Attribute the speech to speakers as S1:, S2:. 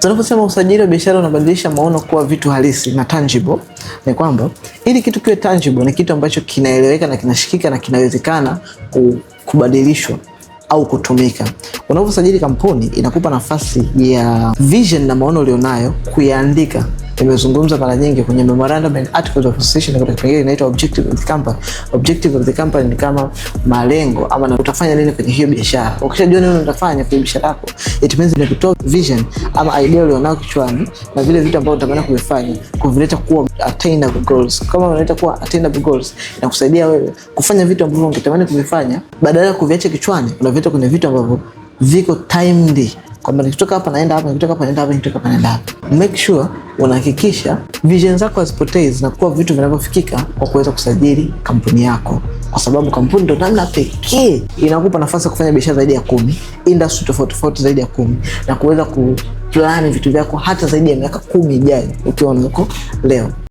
S1: Tunaposema usajili wa biashara unabadilisha maono kuwa vitu halisi na tangible, ni kwamba ili kitu kiwe tangible ni kitu ambacho kinaeleweka na kinashikika na kinawezekana kubadilishwa au kutumika. Unaposajili kampuni inakupa nafasi ya vision na maono ulionayo kuyaandika imezungumza mara nyingi kwenye memorandum and articles of association katika kipengele inaitwa objective of the company. Objective of the company ni kama malengo ama na utafanya nini kwenye hiyo biashara. Ukishajua nini unatafanya kwenye biashara yako, it means ni kutoa vision ama idea ulionayo kichwani na vile vitu ambavyo unatamani kuvifanya, kuvileta kuwa attainable goals. Kama unaleta kuwa attainable goals, inakusaidia wewe kufanya vitu ambavyo ungetamani kuvifanya, badala ya kuviacha kichwani, unavileta kwenye vitu ambavyo viko timely kwamba nikitoka hapa naenda hapa, nikitoka hapa naenda hapa, nikitoka hapa naenda hapa. Make sure unahakikisha vision zako hazipotei, zinakuwa vitu vinavyofikika kwa kuweza kusajili kampuni yako, kwa sababu kampuni ndo namna pekee inakupa nafasi ya kufanya biashara zaidi ya kumi, industry tofauti tofauti zaidi ya kumi, na kuweza kuplani vitu vyako hata zaidi ya miaka kumi ijayo ukiwa huko leo.